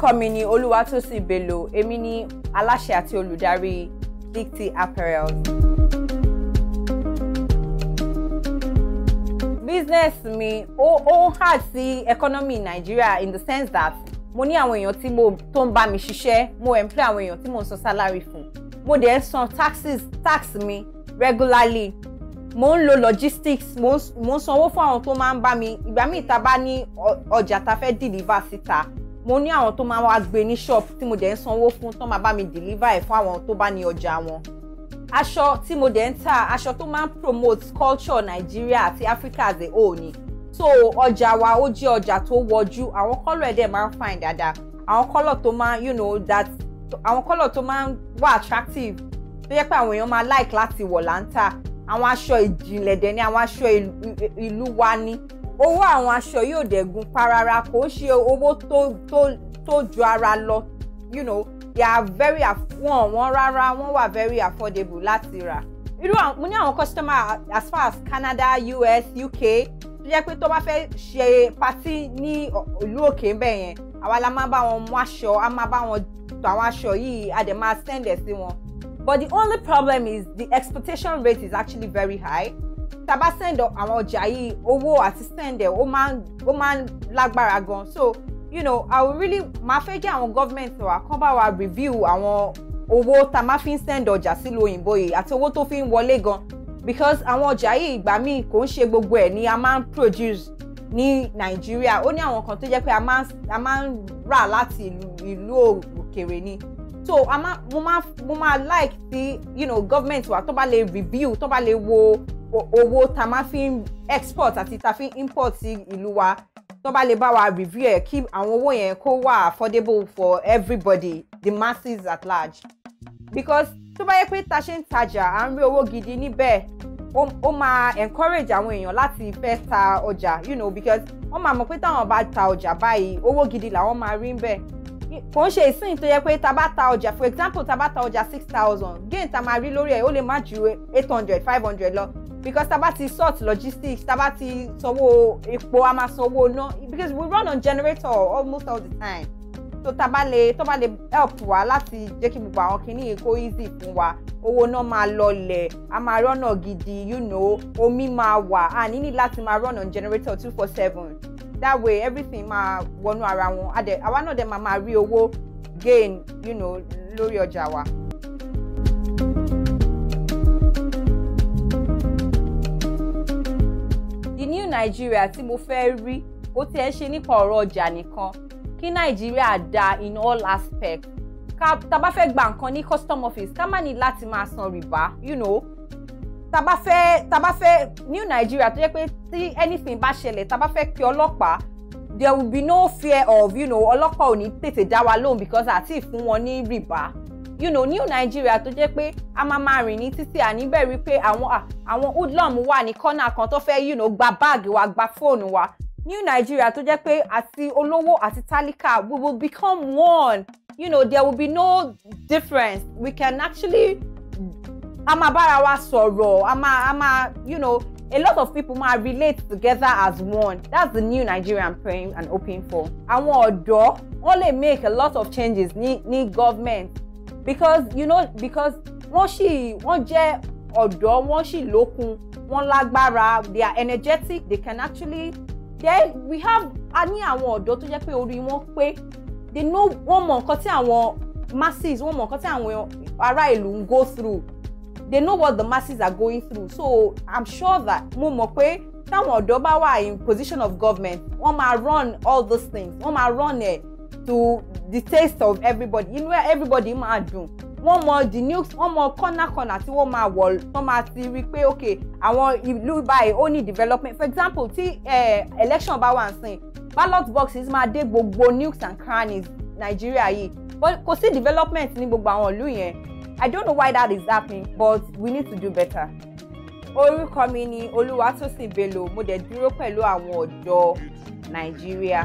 orúkọ mi ni olúwatósìn bello èmi ni aláṣẹ àti olùdarí dicty apparel. business mi ó ó hard sí economy Nigeria in the sense that mo ní àwọn èèyàn tí mo tó ń bá mi ṣiṣẹ́ mo employ àwọn èèyàn tí mo ń san salary fún mo dẹ̀ ń san taxes tax mi regularly mo ń lo logistics mo ń sanwó fún àwọn tó máa ń bá mi ìgbà míì ta bá ní ọjà ta fẹ́ deliver síta mo ní àwọn tó máa wá gbé ní ṣọ́ọ̀bù tí mo dẹ̀ ń sanwó fún tán máa bá mi deliver ẹ̀ fún àwọn tó bá ní ọjà wọn aṣọ tí mo dẹ̀ ń tà aṣọ tó máa ń promote culture Nigeria àti Africa as a whole ni so ọjà wa ó jẹ́ ọjà tó wọjú àwọn kọ́lọ̀ ẹ̀ dẹ̀ máa ń fine dáadáa àwọn kọ́lọ̀ tó máa you know that àwọn kọ́lọ̀ tó máa ń wà attractive tó yẹ pé àwọn èèyàn máa like láti wọ̀ láńtà àwọn aṣọ ìjìnlẹ̀ dẹ̀ ni àwọn aṣọ ìlú wa ni owó àwọn aṣọ yóò dẹ̀gùn parara kò ń ṣe owó tó tó tó ju ara lọ you know they are very wọn wọn rárá wọn wà very affordable láti rà irú mo ní àwọn customer as far as Canada US UK tó jẹ́ pé tó bá fẹ́ ṣe party ní ìlú òkè ńbẹ̀ yẹn àwa la máa bá wọn mú aṣọ a máa bá wọn tó àwọn aṣọ yìí a dẹ̀ máa send ẹ̀ sí wọn but the only problem is the exportation rate is actually very high tá a bá send àwọn ọjà yìí owó àti send ẹ̀ ó máa ń ó máa ń lágbára gan so you know i will really máa fẹ́ kí àwọn government wa kán bá wa review àwọn owó tá a máa fi ń send ọjà sílùú òyìnbó yìí àti owó tó fi ń wọlé gan because àwọn ọjà yìí ìgbà míì kò ń ṣe gbogbo ẹ̀ ni a máa ń produce ní nàìjíríà ó ní àwọn kan tó jẹ́ pé a máa ń rà láti ìlú òkèèrè ni so a ma mo ma mo ma like ti you know government wa tó bá lè review tó bá lè wo owó tá máa fi export àti tá fi import sí ìlú wa tó bá lè bá wa review ẹ kí àwọn owó yẹn kó wà affordable for everybody the masses at large because tó bá yẹ pé ta ṣe ń tajà à ń rí owó gidi níbẹ̀ ó máa encourage àwọn èèyàn láti fẹ́ ta ọjà you know because wọ́n máa mọ̀ pé táwọn bá ta ọjà báyìí owó gidi làwọn máa rí ń bẹ̀ kò ń ṣe ìsìn tó yẹ pé tá ọjà for example tá ọjà six thousand gain tá máa rí lórí ẹ̀ ó lè má ju eight hundred five hundred lọ because tá bá sort logistics tá bá ti sanwó epo a máa sanwó ná because we run on generator almost all the time so tabale tabale help wa láti jẹ́ kí gbogbo àwọn kinní kó easy fún wa owó náà máa lọlẹ̀ a máa rọ́nà gidi you know omi máa wà a níní láti máa run on generator two four seven that way everything máa wọnú ara wọn àwa náà dẹ̀ máa máa rí owó gain you know, lórí ọjà wa. the new Nigeria tí mo fẹ́ rí kò tiẹ̀ ṣe nípa ọ̀rọ̀ ọjà nìkan kí Nàìjíríà da in all aspects ká tá bá fẹ́ gba nǹkan ní custom office ká má ní láti máa san rìbá you know tàbá fẹ́ tàbá fẹ́ new Nigeria tó jẹ́ pé tí anything bá ṣẹlẹ̀ tàbá fẹ́ pe ọlọ́pàá there will be no fear of you know ọlọ́pàá ò ní tètè dá wa lóhùn because àti ìfún wọn ní rìbá you know new Nigeria tó jẹ́ pé a máa máa rìn ní títí àníbẹ̀ rí pé àwọn àwọn hoodlum wà ní kọ́nà kan tó fẹ́ you know gba báàgì wa gba fóònù wa new Nigeria tó jẹ́ pé àti olówó àti tálíkà we will become one you know there will be no difference we can actually a máa bára wa sọ̀rọ̀ a máa a máa you know a lot of people ma relate together as one that's the new Nigeria I'm praying and hoping for. àwọn ọ̀dọ́ wọ́n lè make a lot of changes ní ní government because you know because wọ́n sì wọ́n jẹ́ ọ̀dọ́ wọ́n sì lókun wọ́n lágbára they are energetic they can actually then we have a ní àwọn ọ̀dọ́ tó jẹ́ pé orí wọn pé they know wọ́n mọ̀ nǹkan tí àwọn masses wọ́n mọ̀ nǹkan tí àwọn ará ìlú ń go through they know what the masses are going through so i'm sure that mo mọ̀ pé táwọn ọ̀dọ́ bá wà in position of government wọ́n máa run all those things wọ́n máa run ẹ̀ to the taste of everybody where everybody máa dùn wọ́n mọ the news wọ́n mọ corner corner tí wọ́n máa wọ̀ wọ́n máa ti rí i pé ok àwọn ìlú báyìí ó ní development for example tí uh, election bá wà ń ballot boxes máa dé gbogbo nukes and crannies Nigeria yìí kò sí development ní gbogbo àwọn ìlú yẹn I don't know why that is happening but we need to do better. orúkọ mi ni Olúwatósìn Bello mo dẹ̀ dúró pẹ̀lú àwọn ọ̀dọ́ Nàìjíríà.